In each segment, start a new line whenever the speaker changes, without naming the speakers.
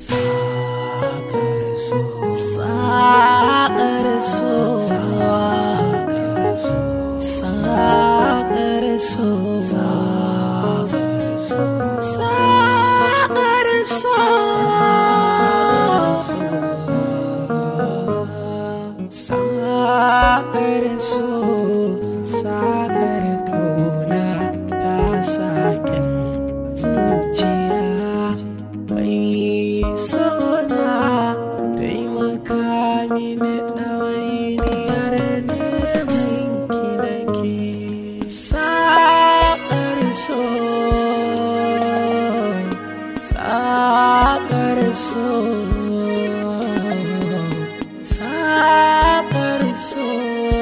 Sacar eso, sacar eso, sacar eso, sacar eso, sacar eso, sacar eso, Sacar sou, sacar sou, sacar sou, sacar sou,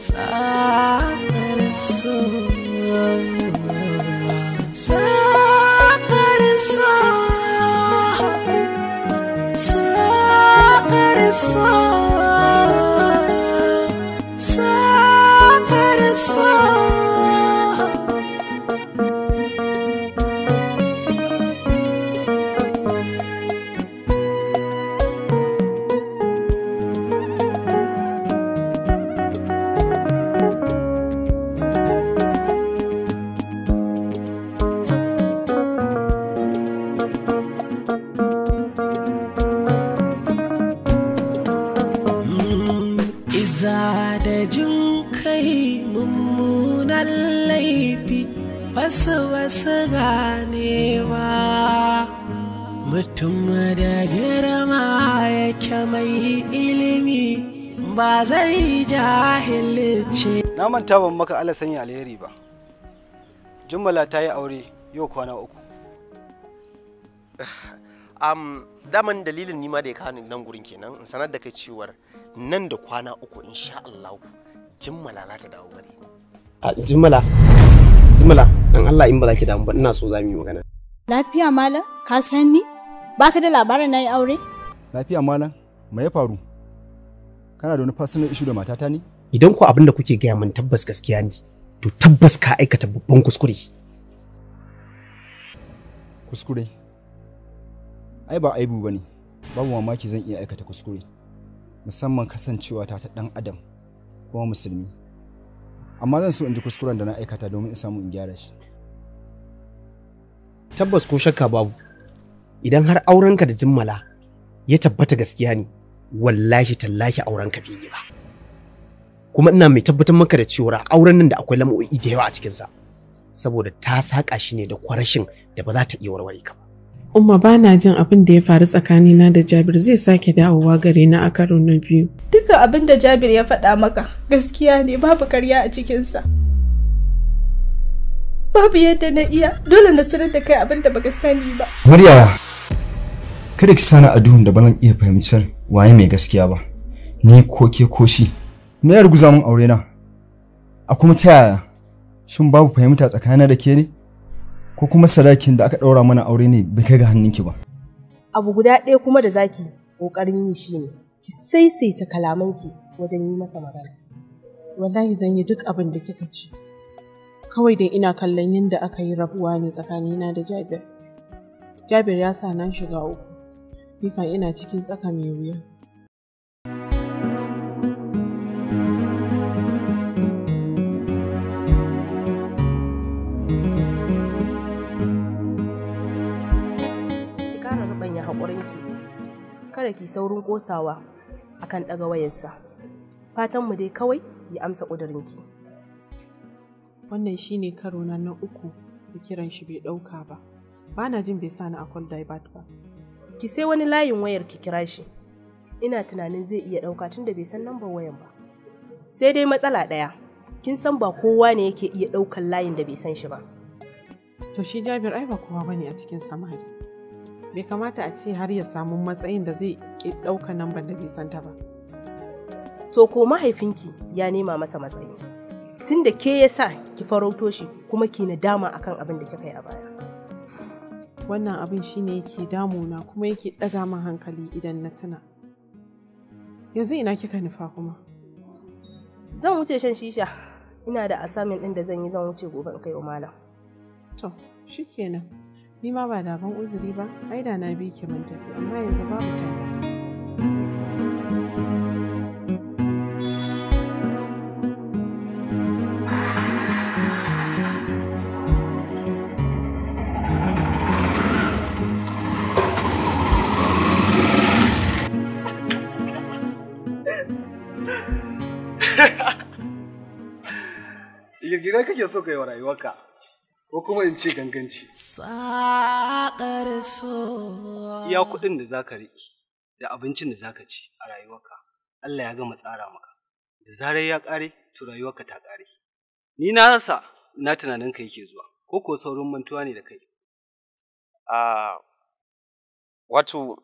sacar sou, sacar sou. wasu wasu ganewa mutum
da girma yake mai ilimi ba zai jahilce na manta ban maka ala sanya alheri ba jummala ta yi aure yau kwana uku am daman dalilin nima da ya kawo nan gurin kenan in sanar da kai cewar nan da kwana uku insha Allah Jummala za ta dawo gare ni Jummala. jimala dan Allah in ba za ki damu ba ina so za mu yi magana.
Lafiya malam, ka san ni? Baka da labarin nayi aure?
Lafiya malam, me ya faru? Kana da wani personal issue
da matata ne? Idan ku abin da kuke gaya min tabbas gaskiya ne, to tabbas ka aikata babban kuskure. Kuskure? Ai
ba aibu ba ne, babu mamaki zan iya aikata kuskure. Musamman kasancewa ta ta ɗan adam kuma musulmi. amma zan so in ji kuskuren da na aikata domin in samu in gyara
shi tabbas ko shakka babu idan har aurenka da jimmala ya tabbata gaskiya ne wallahi tallahi aurenka bai yi ba kuma ina mai tabbatar maka da cewa auren nan da akwai lamo'i da yawa a cikinsa saboda ta saƙa shi ne da kwarashin da ba za ta iya warware ka ba
umma ba na jin abin da ya faru tsakanina da jabir zai sake dawowa gare na a karo na biyu
dukkan abin da Jabir ya faɗa maka gaskiya ne babu karya a cikinsa. Babu yadda na iya dole na sanar da kai abin da baka sani ba.
Murya kada ki sani a duhun da ban iya fahimtar waye mai gaskiya ba. Ni ko ke ko shi. Me ya ruguza mun aure na? A kuma ta yaya? Shin babu fahimta tsakanina da ke ne? Ko kuma sadakin da aka ɗaura mana aure ne bai kai ga hannunki ba?
Abu guda ɗaya kuma da zaki ƙoƙarin yi shi ne. ki kalaman kalamanki wajen yi masa magana wallahi zan yi duk abin da kika ce kawai dai ina kallon yadda aka yi rabuwa ne tsakanina da jabir jabir ya sa na shiga uku nikan ina cikin tsaka mai wuya kada ki saurin ƙosawa. akan ɗaga wayarsa fatanmu dai kawai ya amsa ƙudurinki wannan shine karo na na uku da kiran shi bai ɗauka ba ba na jin bai sani a call divert ba ki sai wani layin wayar ki kira shi ina tunanin zai iya ɗauka tunda bai san lambar wayan ba sai dai matsala ɗaya kin san ba kowa ne yake iya ɗaukan layin da bai san shi ba to shi jabir ai ba kowa bane a cikin samari bai kamata a ce har ya samu matsayin da zai ki ɗauka nan da bai santa ba. To ko mahaifinki ya nema masa matsayi. Tun da ke ya sa ki farauto shi kuma ki nadama akan abin da kika yi a baya. Wannan abin shi ne yake damuna kuma yake ɗaga min hankali idan na tuna. Yanzu ina kika nufa kuma. Zan wuce shan shisha. Ina da asamin ɗin da zan yi zan wuce gobe in kai wa malam. To, shikenan. ni ma ba daban ban uzuri ba ai da na bi ki mun tafi amma yanzu babu ta
Gida kake so ka yi wa rayuwarka? ko kuma in ce ganganci. Iya kuɗin da za ka riƙe da abincin da za ka ci a rayuwarka, Allah ya gama tsara maka. Da zarar ya ƙare, to rayuwarka ta ƙare. Ni na rasa na tunanin ka yake zuwa, ko ko saurin mantuwa ne da kai. wato,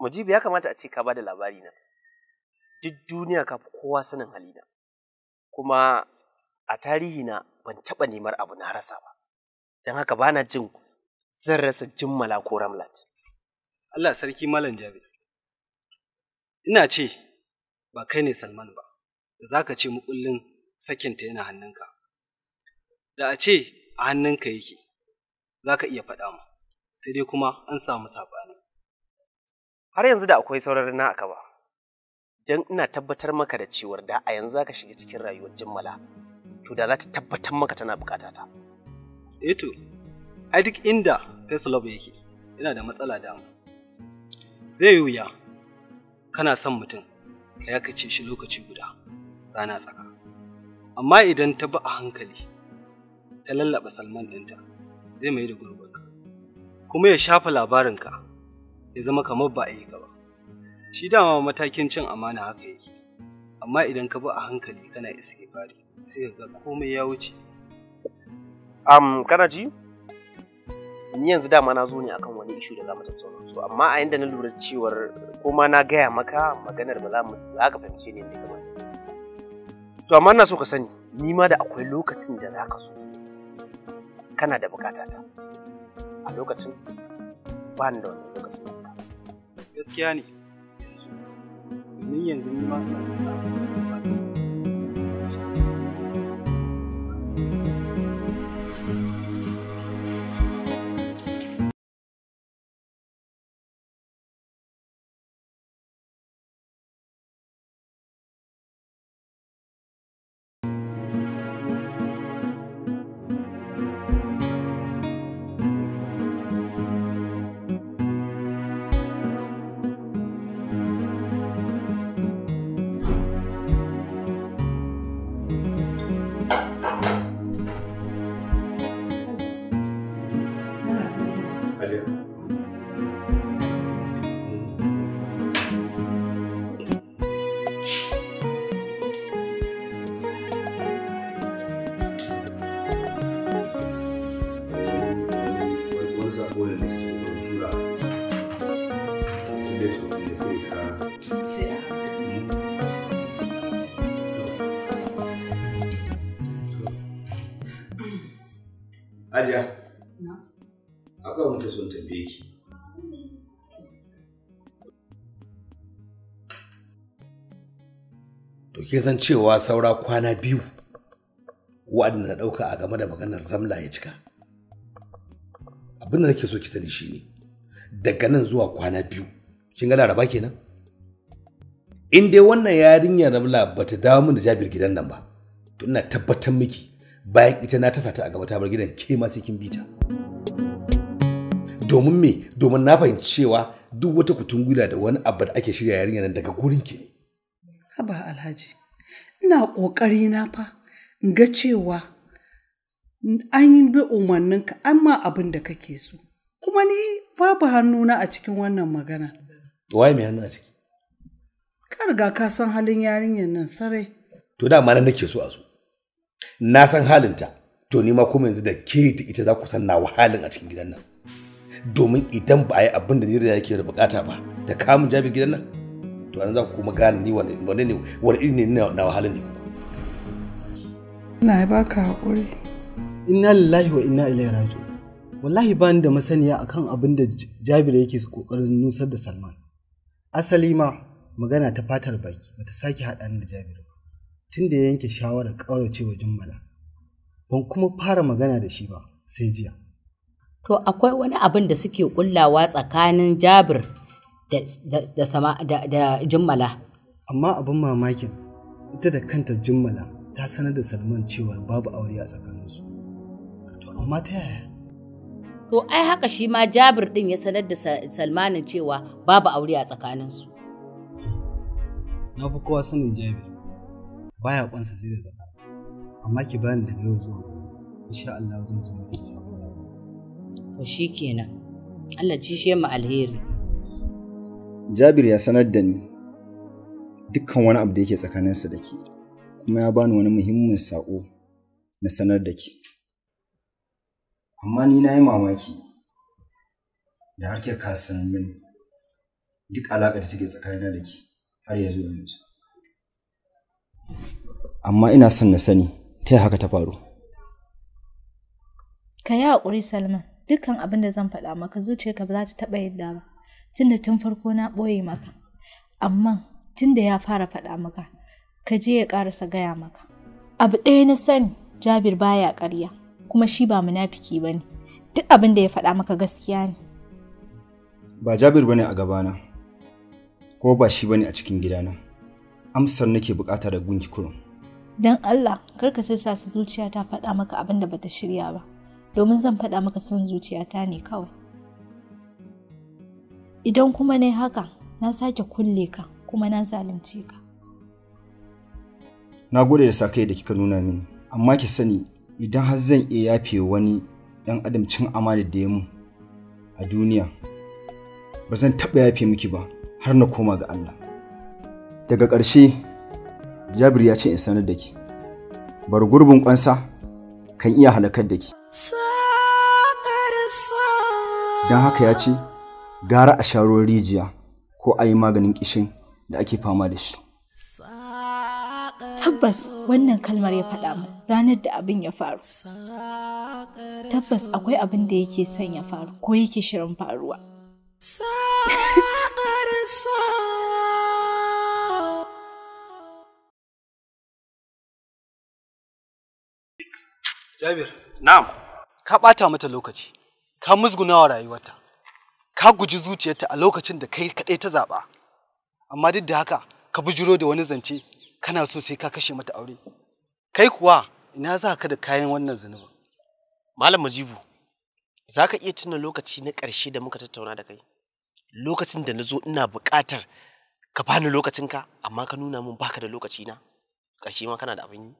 Mujibu ya kamata a ce ka ba da labari na. Duk duniya ka fi kowa sanin halina. Kuma a tarihi na ban taɓa neman abu na rasa ba. don haka bana jin zan rasa jimmala ko ramlat Allah sarki malam jabi ina ce ba kai ne salman ba da za ka ce mukullin sakinta yana hannunka da a ce a hannunka yake za ka iya faɗa mu sai dai kuma an samu saɓani har yanzu da akwai sauraron na aka ba don ina tabbatar maka da cewar da a yanzu za ka shiga cikin rayuwar jimmala to da za ta tabbatar maka tana bukata ta. Eto, a duk inda face love yake yana da matsala da zai yi wuya kana son mutum ka kace shi lokaci guda rana tsaka amma idan ta bi a hankali ta lallaba salman ɗinta zai mai da gurbinka kuma ya shafa labarinka ya zama kamar ba a yi ka ba shi dama matakin cin amana haka yake amma idan ka bi a hankali kana iske bari sai ka ga komai ya wuce um, kana ji ni yanzu dama na zo ne akan wani ishu da za mu tattauna so amma a inda na lura cewar ko ma na gaya maka maganar ba za mu za ka fahimce ne da kamar to amma ina so ka sani ni ma da akwai lokacin da za ka so kana da bukata ta a lokacin ba ni da wani lokacin gaskiya ne Ni yanzu ni ma ina da haka wani kasuwan tambaye ki to ke san cewa saura kwana biyu waɗanda na ɗauka a game da maganar ramla ya cika abin da nake so ki sani shine daga nan zuwa kwana biyu kin ga laraba kenan in dai wannan yarinyar ramla bata dawo min da jabir gidan nan ba to ina tabbatar miki bayan ita na tasa ta a gaba ta bar gidan ke ma sai kin bi ta. domin me domin na fahimci cewa duk wata kutun kutungula da wani abu da ake shirya yarinya nan daga gurin ki ne haba alhaji ina kokari na fa ga cewa an bi umarnin ka amma abin da kake so kuma ni babu na a cikin wannan magana waye mai hannu a ciki ka riga ka san halin yarinyar nan sarai to da mana nake so a so na san halinta to ni ma kuma yanzu da ke ita za ku san nawa halin a cikin gidan nan domin idan ba a yi abin da nira yake da bukata ba ta kamun jabi gidan nan to an za ku kuma gane ni wani ne wani iri ne na wahalar ne kuma. ina ba ka haƙuri. inna lillahi wa inna ilaihi raji'un wallahi ba ni da masaniya akan abin da jabir yake kokarin nusar da salman asali ma magana ta fatar baki ta sake haɗa ni da jabir ba tun da ya yanke shawarar ƙaurace wa jummala ban kuma fara magana da shi ba sai jiya
to akwai wani abin da suke kullawa tsakanin jabir da jummala
amma abin mamakin ita da kanta jummala ta sanar da salman cewar babu aure a tsakaninsu to amma ta yaya
to ai haka shi ma jabir din ya sanar da salmanin cewa babu aure a tsakaninsu
na fi kowa sanin jabir baya kwansa sai da zakara amma ki bani da yau zuwa insha Allah zan zama kusa.
to shi kenan Allah ci shi mu alheri
Jabir ya sanar da ni dukkan wani abu da yake tsakaninsa da ke kuma ya bani wani muhimmin sako na sanar da ke amma ni na yi mamaki da har ka sanar mini duk alaƙar da take tsakanina da ke har ya zuwa yanzu amma ina son na sani ta haka ta faru
ka yi haƙuri salman dukkan abin da zan faɗa maka zuciyarka ba za ta taɓa yadda ba tunda tun farko na ɓoye maka amma tunda ya fara faɗa maka ka je ya ƙarasa gaya maka abu ɗaya na sani jabir baya ƙarya kuma shi ba munafiki ba ne duk abin da ya faɗa maka gaskiya ne
ba jabir ba a gabana ko ba shi ba a cikin gidana amsar nake bukata da gunki kurum
don allah karka sa su zuciya ta faɗa maka abin da bata shirya ba domin zan faɗa maka son zuciyata ne kawai idan kuma na haka na sake kulle ka kuma na zalunce ka
na gode da sakai da kika nuna mini amma ki sani idan har zan iya yafe wani ɗan adam cin amana da ya mu a duniya ba zan taɓa yafe miki ba har na koma ga Allah daga ƙarshe jabir ya ce in sanar da ki bar gurbin kwansa kan iya halakar da ki. don haka ya ce gara a sha rijiya ko a yi maganin kishin da ake fama da shi
tabbas wannan kalmar ya faɗa mu ranar da abin ya faru tabbas akwai abin da yake son ya faru ko yake shirin faruwa
Jabir. Na'am. Ka ɓata mata lokaci. ka musguna wa rayuwarta ka guji zuciyarta a lokacin da kai kaɗai ta zaɓa amma duk da haka ka bujuro da wani zance kana so sai ka kashe mata aure kai kuwa ina za ka da kayan wannan zunubin malam majibu za ka iya tuna lokaci na ƙarshe da muka tattauna da kai lokacin da na zo ina buƙatar ka bani lokacinka amma ka nuna min baka da lokaci na ƙarshe ma kana da abin yi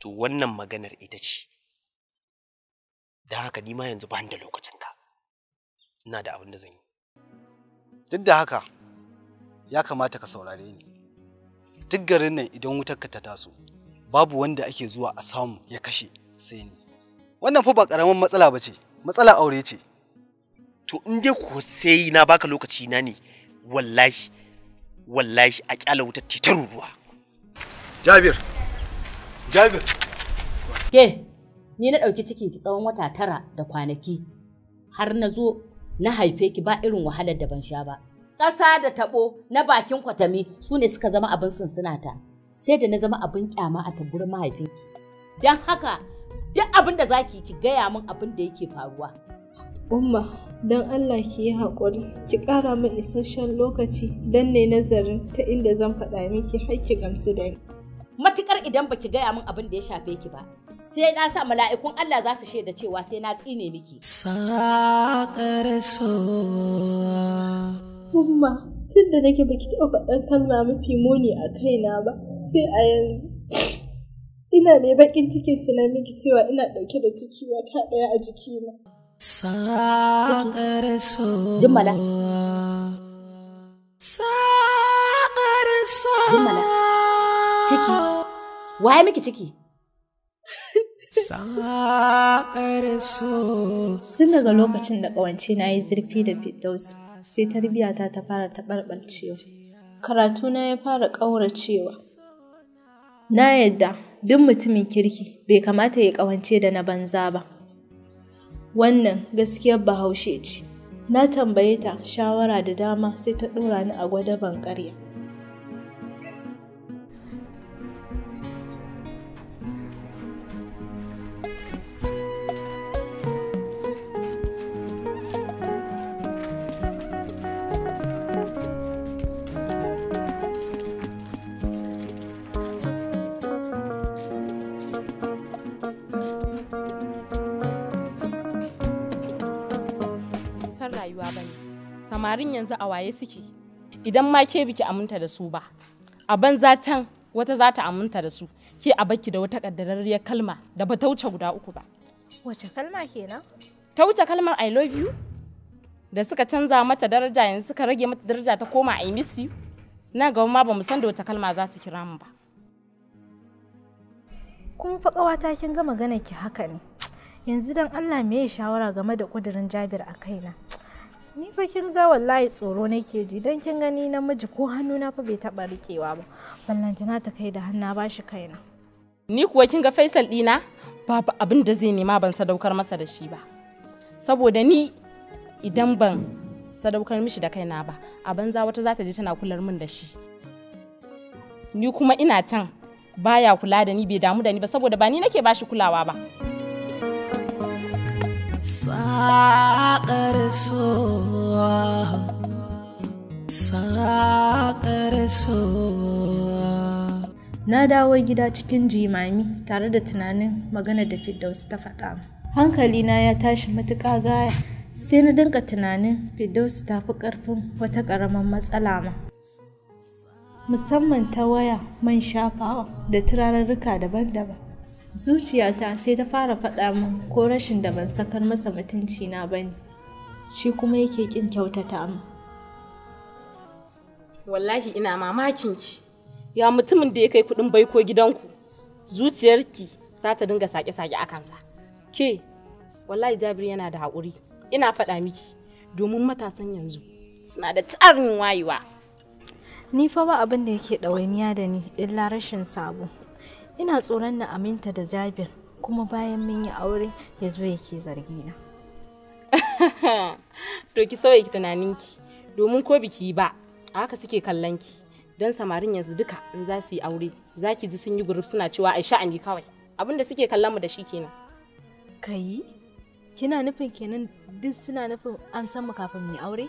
to wannan maganar ita ce Da haka ni ma yanzu ba da lokacin ka ina da abin da zan yi duk da haka ya kamata ka saurare ni duk garin nan idan wutar ka ta taso babu wanda ake zuwa a samu ya kashe sai ni wannan fa ba karamin matsala ba ce matsala aure ce to in dai ko sai na baka lokaci na ne wallahi wallahi a kyala wutar ta ruwa jabir jabir ke ni na ɗauki
ciki tsawon wata tara da kwanaki har na zo na haife ki ba irin wahalar da ban sha ba ƙasa da taɓo na bakin kwatami su ne suka zama abin sunsunata sai da na zama abin kyama a taburin mahaifinki don haka duk abin da za ki gaya min abin da yake faruwa umma don allah ki yi haƙuri
ki ƙara min isasshen lokaci don ne nazarin ta inda zan faɗa miki har ki gamsu da
ni matukar idan baki gaya min abin da ya shafe ki ba sai na sa mala'ikun Allah za su shaida cewa sai na tsine miki.
Saƙar so. Umma, tun da nake baki taɓa faɗan kalma mafi muni a kaina ba, sai a yanzu. Ina mai baƙin ciki na miki cewa ina ɗauke da ciki
ta ɗaya a jikina.
Saƙar so. Jimmala.
Sakar so. Jimmala. Ciki. Waye miki ciki? Tun
daga lokacin da ƙawance na yi zurfi da Firdaus, sai tarbiyata ta fara taɓarɓarcewa. Karatuna ya fara ƙauracewa. Na yadda duk mutumin kirki bai kamata ya ƙawance da na banza ba. Wannan gaskiyar bahaushe ce. Na tambaye ta shawara da dama sai ta ɗora ni a gwadaban ƙarya.
yarin yanzu a waye suke idan ma ke biki aminta da su ba a banza can wata za ta aminta da su ke a baki da wata kaddararriyar kalma da ba ta wuce guda uku ba
wace kalma kenan
ta wuce kalmar i love you da suka canza mata daraja yanzu suka rage mata daraja ta koma i miss you na gaba ma bamu san da wata kalma za su kira mu ba
kuma fa kawata kin ga magana ki haka ne yanzu dan Allah me ya shawara game da kudirin Jabir a kaina ni fa kin ga wallahi tsoro nake ji dan kin gani miji ko hannu na fa bai taba rikewa ba ballantana ta kai da hannu ba shi kaina
ni kuwa kin ga Faisal dina babu abin da zai nema ban sadaukar masa da shi ba saboda ni idan ban sadaukar mishi da kaina ba a banza wata za ta je tana kular min da shi ni kuma ina can baya kula da ni bai damu da ni ba saboda ba ni nake ba shi kulawa ba.
saƙar
saƙar na dawo gida cikin jimami tare da tunanin magana da Fiddausi ta faɗa Hankali na ya tashi matuƙa gaya sai na dinka tunanin Fiddausi ta fi ƙarfin wata ƙaramin matsala ma musamman ta waya man shafawa da turarurruka daban-daban zuciyata sai ta fara faɗa min ko rashin da ban sakar masa mutunci na bane shi kuma yake kin kyautata min
wallahi ina mamakin ki ya mutumin da ya kai kuɗin baiko gidanku zuciyarki za ta dinga sake-sake a kansa ke wallahi Jabiru yana da haƙuri ina faɗa miki domin matasan yanzu suna da tsarin wayewa
ni fa ba abin da yake ɗawainiya da ni illa rashin sabo ina tsoron na aminta da jabir kuma bayan mun yi aure ya zo yake zargi na
to ki sauya ki tunaninki domin ko biki ba a haka suke kallon ki dan samarin yanzu duka in za su yi aure za ki ji sun yi gurup suna cewa ai sha'ani kawai abinda suke kallon mu da shi kenan
kai kina nufin kenan duk suna nufin an san mu kafin mu aure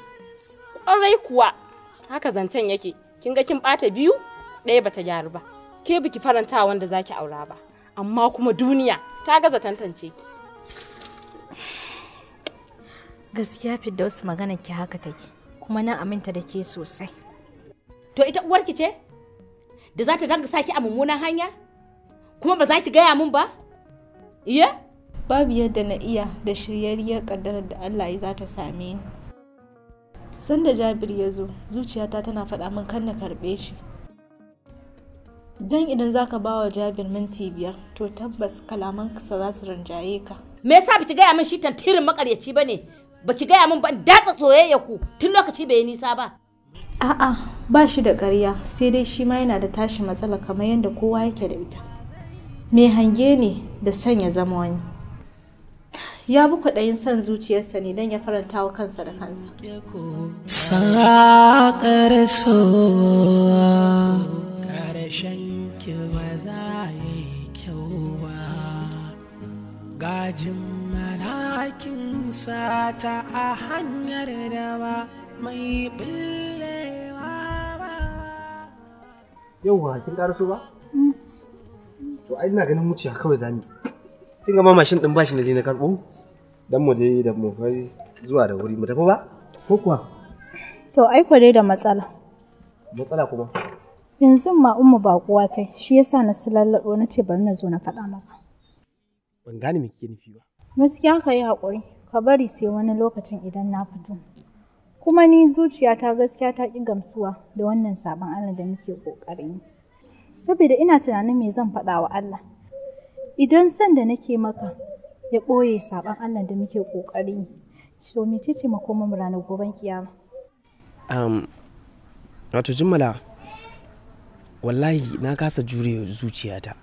kwarai kuwa haka zancen yake kin ga kin bata biyu ɗaya bata gyaru ba ke biki faranta wanda zaki aura ba amma kuma duniya ta gaza tantance ki
gaskiya fidda wasu magana ki haka take
kuma na aminta da ke sosai to ita uwarki ce da za ta danga saki a mummunan hanya kuma ba za ki gaya mun ba iya babu
yadda na iya da shiryayyar kaddarar da Allah ya za ta same ni sanda jabir ya zo zuciyata tana faɗa min kan na karɓe shi don idan zaka ba wa jabir minti biyar to tabbas kalaman kasa za su rinjaye ka
me yasa biki gaya min shi tantirin makaryaci bane baki gaya min ban datsa soyayya ku tun lokaci bai nisa ba
a'a ba shi da ƙarya sai dai shi ma yana da tashi matsala kamar yadda kowa yake da ita me hange ne da ya zama wani ya bi kwaɗayin son zuciyarsa ne don ya faranta wa kansa da kansa ƙarshen
ki ba za yi kyau ba gajin malakin sata a hanyar da ba mai
billewa ba Yau ba kin ƙaraso ba mm. to ai ina ganin muciya kawai zami kin ga mashin din bashi na je na karɓo dan mu je da mu zuwa da wuri mu tafi ba ko kuwa
to ai dai da matsala matsala kuma yanzu ma umma baƙuwa ta shi yasa na su lallaɓo na ce bari na zo na faɗa maka.
Ban gane me kike nufi ba.
Gaskiya ka yi haƙuri ka bari sai wani lokacin idan na fito. Kuma ni zuciya ta gaskiya ta ƙi gamsuwa da wannan sabon Allah da muke ƙoƙarin. Saboda ina tunanin me zan faɗa wa Allah. Idan san da nake maka ya ɓoye sabon Allah da muke ƙoƙari. So mecece makomar ranar goben kiyama.
Um, wato Jummala. wallahi na kasa jure zuciyata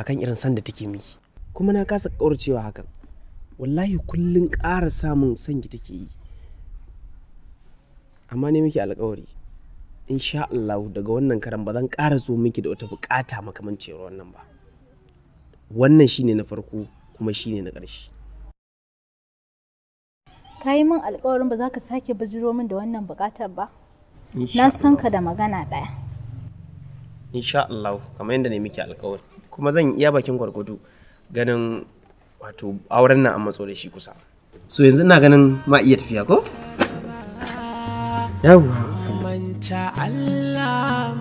akan irin sanda take miki kuma na kasa kauracewa hakan wallahi kullum ƙara samun sanki take yi amma ne miki alkawari insha Allah daga wannan karan ba zan ƙara zo miki da wata bukata makamanciyar wannan ba wannan shine na farko kuma shine na ƙarshe
ka yi min alkawarin ba za ka sake bijiro min da wannan bukatar ba na san ka da magana ɗaya
insha Allah kamar yadda ne muke alkawari kuma zan iya bakin gwargwado ganin wato auren nan an matso da shi kusa so yanzu ina ganin ma iya tafiya ko yawwa manta Allah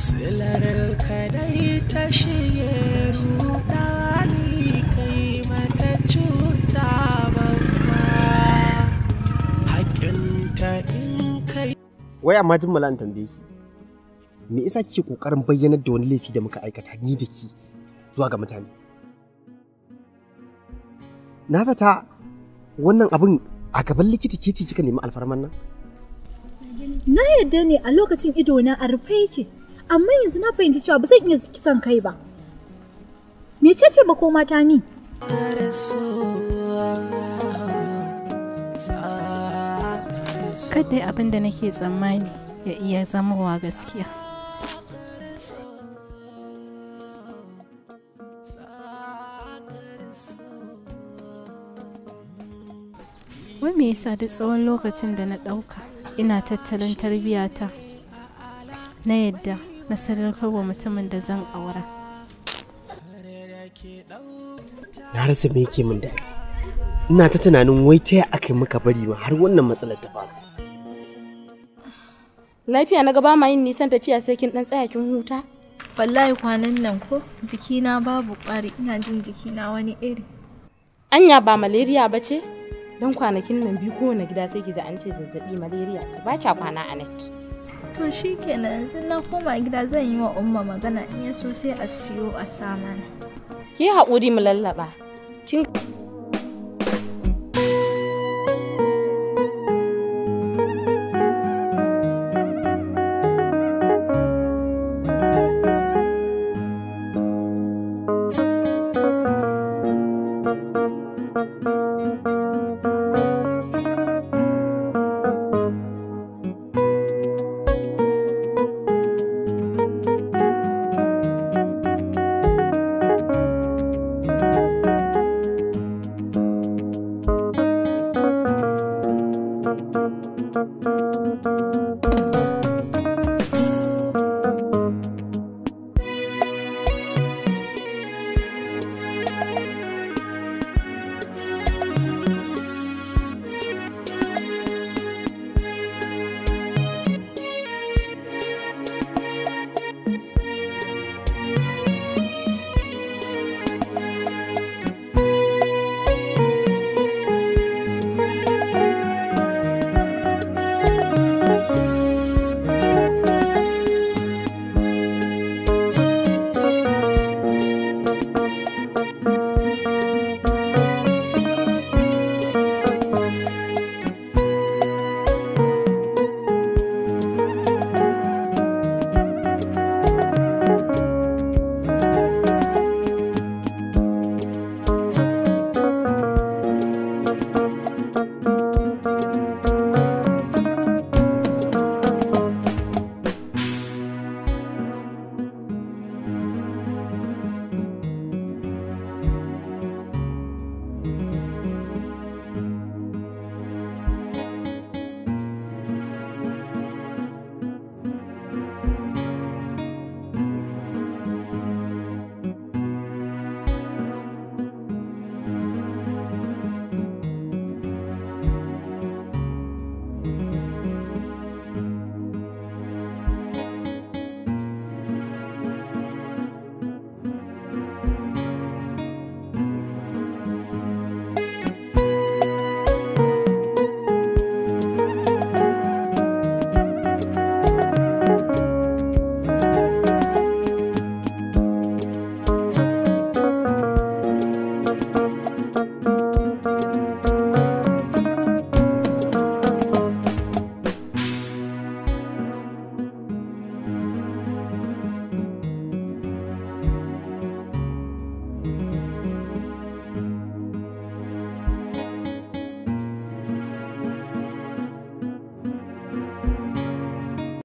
silar kadai ta shige
wai amma jin mala'an tambaye ki me isa kike kokarin bayyanar da wani laifi da muka aikata ni da ki zuwa ga mutane na zata wannan abun a gaban likita ke ce kika nemi alfarman nan
na yadda ne a lokacin ido na a rufe yake amma yanzu na fahimci cewa ba zan iya kisan kai ba Me ce ba ko ta ni kada abin da nake tsammani ya iya zamowa gaskiya wai me yasa duk tsawon lokacin da na ɗauka ina tattalin tarbiyyata na yadda na sadarkarwa mutumin da zan aura
na rasa me yake min daɗi ina ta tunanin wai ta aka yi muka bari ma har wannan matsalar ta faru
lafiya na gaba ma yin nisan tafiya sai kin dan tsaya kin huta wallahi kwanan nan ko jikina babu ƙwari ina jin jikina wani iri
anya ba malaria ba ce dan kwanakin nan biyu na gida sai ki ji an ce zazzabi malaria ce ba kya kwana a net
to shikenan yanzu na koma gida zan yi wa umma magana in ya so sai a siyo a sama
ki haƙuri mu lallaba